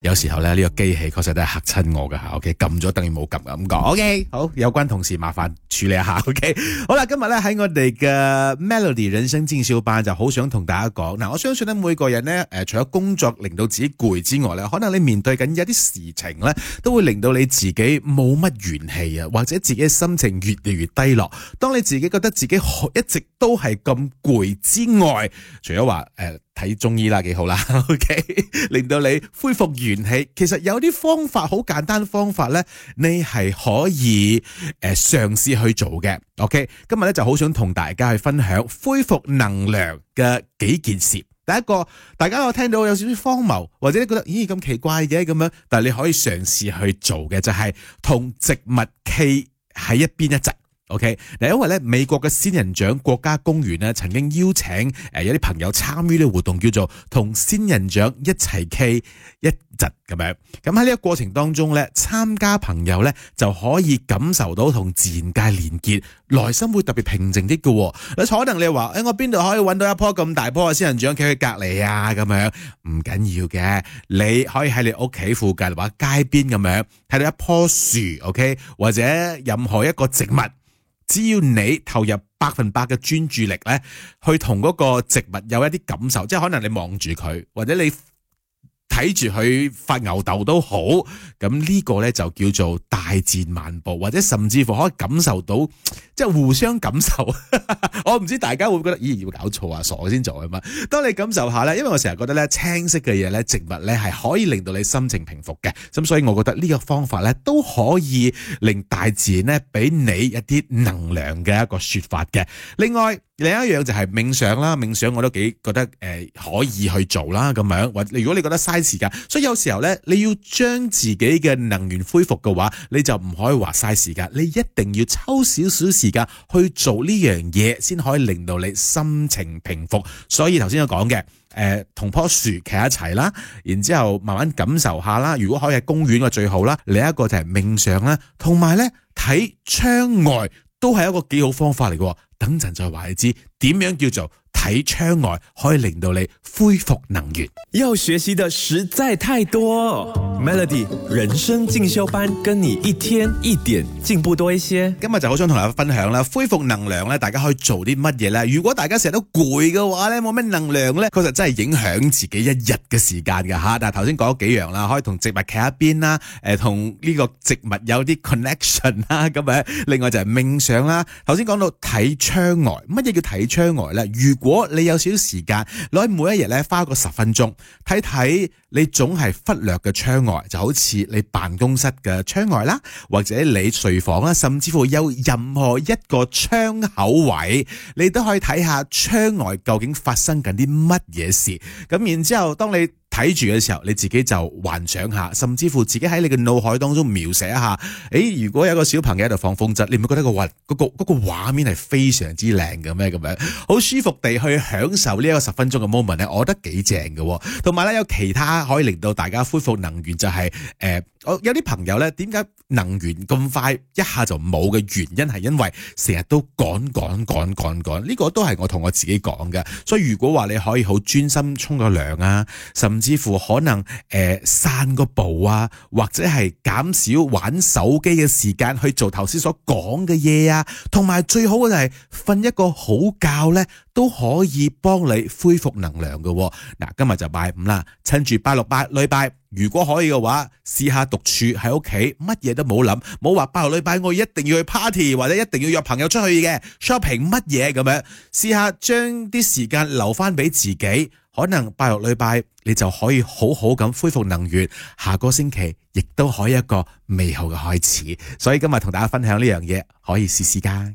有時候咧，呢個機器確實都係嚇親我噶吓，O K，撳咗等於冇撳咁講。O K，好，有關同事麻煩處理一下。O K，好啦，今日咧喺我哋嘅 Melody 人生進修班，就好想同大家講。嗱，我相信咧，每個人咧，誒，除咗工作令到自己攰之外咧，可能你面對緊一啲事情咧，都會令到你自己冇乜元氣啊，或者自己心情越嚟越低落。當你自己覺得自己一直都係咁攰之外，除咗話誒。呃睇中醫啦，幾好啦，OK，令到你恢復元氣。其實有啲方法好簡單方法呢，你係可以誒嘗試去做嘅。OK，今日呢就好想同大家去分享恢復能量嘅幾件事。第一個，大家有聽到有少少荒謬，或者覺得咦咁奇怪嘅咁樣，但係你可以嘗試去做嘅就係、是、同植物企喺一邊一側。OK，嗱，因為咧美國嘅仙人掌國家公園咧，曾經邀請誒有啲朋友參與呢個活動，叫做同仙人掌一齊傾一陣咁樣。咁喺呢個過程當中咧，參加朋友咧就可以感受到同自然界連結，內心會特別平靜啲嘅。你可能你話，誒、欸，我邊度可以搵到一棵咁大棵嘅仙人掌企喺隔籬啊？咁樣唔緊要嘅，你可以喺你屋企附近或者街邊咁樣睇到一棵樹，OK，或者任何一個植物。只要你投入百分百嘅專注力咧，去同嗰個植物有一啲感受，即係可能你望住佢，或者你。睇住佢發牛豆都好，咁呢個呢就叫做大自然漫步，或者甚至乎可以感受到，即係互相感受。 我唔知大家會唔會覺得，咦要搞錯啊，傻先做啊嘛？當你感受下呢，因為我成日覺得呢，青色嘅嘢呢，植物呢係可以令到你心情平復嘅，咁所以我覺得呢個方法呢，都可以令大自然呢俾你一啲能量嘅一個説法嘅。另外另一樣就係冥想啦，冥想我都幾覺得誒可以去做啦，咁樣。或如果你覺得時間，所以有時候咧，你要將自己嘅能源恢復嘅話，你就唔可以話嘥時間，你一定要抽少少時間去做呢樣嘢，先可以令到你心情平復。所以頭先我講嘅，誒、呃，同棵樹企一齊啦，然之後慢慢感受下啦，如果可以喺公園嘅最好啦。另一個就係冥想啦，同埋咧睇窗外都係一個幾好方法嚟嘅。等陣再話你知點樣叫做。睇窗外可以令到你恢復能源，要學習的實在太多。Melody 人生進修班，跟你一天一點進步多一些。今日就好想同大家分享啦，恢復能量咧，大家可以做啲乜嘢咧？如果大家成日都攰嘅話咧，冇咩能量咧，確實真係影響自己一日嘅時間㗎吓。但係頭先講咗幾樣啦，可以同植物企一邊啦，誒、呃，同呢個植物有啲 connection 啦、啊、咁樣。另外就係冥想啦。頭先講到睇窗外，乜嘢叫睇窗外咧？如果如果你有少少時間，攞每一日咧花個十分鐘睇睇，看看你總係忽略嘅窗外，就好似你辦公室嘅窗外啦，或者你睡房啦，甚至乎有任何一個窗口位，你都可以睇下窗外究竟發生緊啲乜嘢事。咁然之後，當你睇住嘅時候，你自己就幻想下，甚至乎自己喺你嘅腦海當中描寫一下。誒、欸，如果有一個小朋友喺度放風箏，你唔會覺得個畫、嗰個、嗰個畫面係非常之靚嘅咩？咁樣好舒服地去享受呢一個十分鐘嘅 moment 咧，我覺得幾正嘅。同埋咧，有其他可以令到大家恢復能源，就係、是、誒。呃有啲朋友呢，點解能源咁快一下就冇嘅原因係因為成日都趕趕趕趕趕，呢個都係我同我自己講嘅。所以如果話你可以好專心沖個涼啊，甚至乎可能誒、呃、散個步啊，或者係減少玩手機嘅時間去做頭先所講嘅嘢啊，同埋最好嘅就係瞓一個好覺呢，都可以幫你恢復能量嘅。嗱，今日就拜五啦，趁住八六八禮拜。如果可以嘅話，試下獨處喺屋企，乜嘢都冇諗，冇話拜六禮拜我一定要去 party 或者一定要約朋友出去嘅 shopping 乜嘢咁樣，試下將啲時間留翻俾自己，可能拜六禮拜你就可以好好咁恢復能源，下個星期亦都可以一個美好嘅開始。所以今日同大家分享呢樣嘢，可以試試㗎。